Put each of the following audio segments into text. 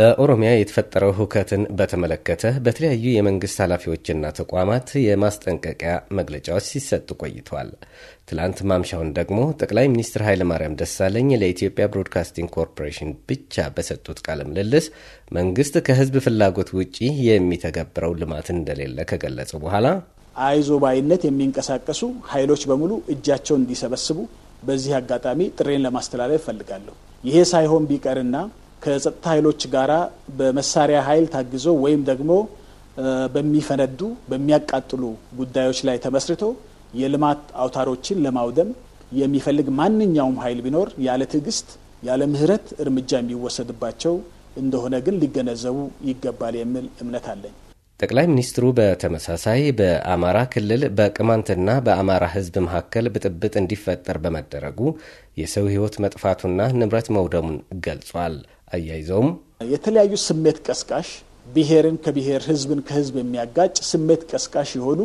በኦሮሚያ የተፈጠረው ሁከትን በተመለከተ በተለያዩ የመንግስት ኃላፊዎችና ተቋማት የማስጠንቀቂያ መግለጫዎች ሲሰጡ ቆይተዋል። ትላንት ማምሻውን ደግሞ ጠቅላይ ሚኒስትር ኃይለማርያም ደሳለኝ ለኢትዮጵያ ብሮድካስቲንግ ኮርፖሬሽን ብቻ በሰጡት ቃለ ምልልስ መንግስት ከህዝብ ፍላጎት ውጪ የሚተገብረው ልማት እንደሌለ ከገለጹ በኋላ አይዞ ባይነት የሚንቀሳቀሱ ኃይሎች በሙሉ እጃቸውን እንዲሰበስቡ በዚህ አጋጣሚ ጥሬን ለማስተላለፍ እፈልጋለሁ። ይሄ ሳይሆን ቢቀርና ከጸጥታ ኃይሎች ጋራ በመሳሪያ ኃይል ታግዞ ወይም ደግሞ በሚፈነዱ በሚያቃጥሉ ጉዳዮች ላይ ተመስርቶ የልማት አውታሮችን ለማውደም የሚፈልግ ማንኛውም ኃይል ቢኖር ያለ ትዕግስት ያለ ምሕረት እርምጃ የሚወሰድባቸው እንደሆነ ግን ሊገነዘቡ ይገባል የሚል እምነት አለኝ። ጠቅላይ ሚኒስትሩ በተመሳሳይ በአማራ ክልል በቅማንትና በአማራ ሕዝብ መካከል ብጥብጥ እንዲፈጠር በመደረጉ የሰው ሕይወት መጥፋቱና ንብረት መውደሙን ገልጿል። አያይዘውም የተለያዩ ስሜት ቀስቃሽ ብሔርን ከብሔር ህዝብን ከህዝብ የሚያጋጭ ስሜት ቀስቃሽ የሆኑ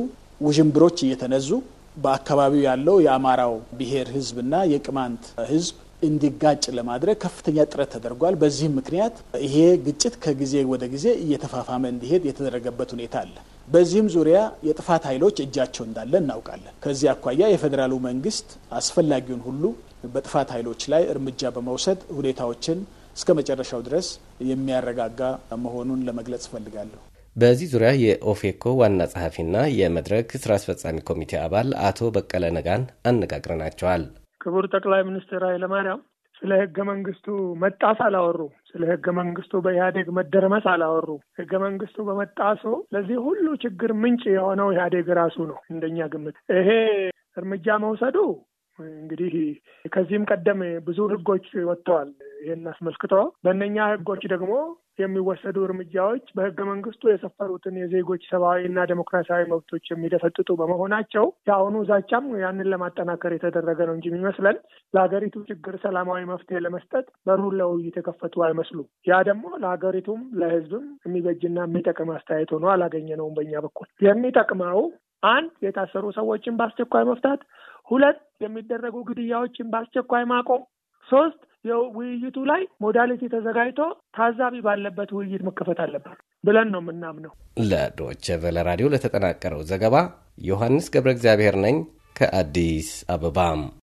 ውዥንብሮች እየተነዙ በአካባቢው ያለው የአማራው ብሔር ህዝብና የቅማንት ህዝብ እንዲጋጭ ለማድረግ ከፍተኛ ጥረት ተደርጓል። በዚህም ምክንያት ይሄ ግጭት ከጊዜ ወደ ጊዜ እየተፋፋመ እንዲሄድ የተደረገበት ሁኔታ አለ። በዚህም ዙሪያ የጥፋት ኃይሎች እጃቸው እንዳለ እናውቃለን። ከዚህ አኳያ የፌዴራሉ መንግስት አስፈላጊውን ሁሉ በጥፋት ኃይሎች ላይ እርምጃ በመውሰድ ሁኔታዎችን እስከ መጨረሻው ድረስ የሚያረጋጋ መሆኑን ለመግለጽ እፈልጋለሁ። በዚህ ዙሪያ የኦፌኮ ዋና ጸሐፊና የመድረክ ስራ አስፈጻሚ ኮሚቴ አባል አቶ በቀለ ነጋን አነጋግረናቸዋል። ክቡር ጠቅላይ ሚኒስትር ኃይለማርያም ስለ ህገ መንግስቱ መጣስ አላወሩ። ስለ ህገ መንግስቱ በኢህአዴግ መደረመስ አላወሩ። ህገ መንግስቱ በመጣሱ ለዚህ ሁሉ ችግር ምንጭ የሆነው ኢህአዴግ ራሱ ነው። እንደኛ ግምት ይሄ እርምጃ መውሰዱ እንግዲህ ከዚህም ቀደም ብዙ ህጎች ወጥተዋል ይህን አስመልክቶ በእነኛ ህጎች ደግሞ የሚወሰዱ እርምጃዎች በህገ መንግስቱ የሰፈሩትን የዜጎች ሰብአዊ እና ዴሞክራሲያዊ መብቶች የሚደፈጥጡ በመሆናቸው የአሁኑ ዛቻም ያንን ለማጠናከር የተደረገ ነው እንጂ የሚመስለን ለሀገሪቱ ችግር ሰላማዊ መፍትሄ ለመስጠት በሩን ለውይይት የከፈቱ አይመስሉም። ያ ደግሞ ለሀገሪቱም ለህዝብም የሚበጅና የሚጠቅም አስተያየት ሆኖ አላገኘ ነውም። በእኛ በኩል የሚጠቅመው አንድ የታሰሩ ሰዎችን በአስቸኳይ መፍታት፣ ሁለት የሚደረጉ ግድያዎችን በአስቸኳይ ማቆም፣ ሶስት ውይይቱ ላይ ሞዳሊቲ ተዘጋጅቶ ታዛቢ ባለበት ውይይት መከፈት አለበት ብለን ነው የምናምነው። ለዶይቼ ቬለ ራዲዮ ለተጠናቀረው ዘገባ ዮሐንስ ገብረ እግዚአብሔር ነኝ ከአዲስ አበባም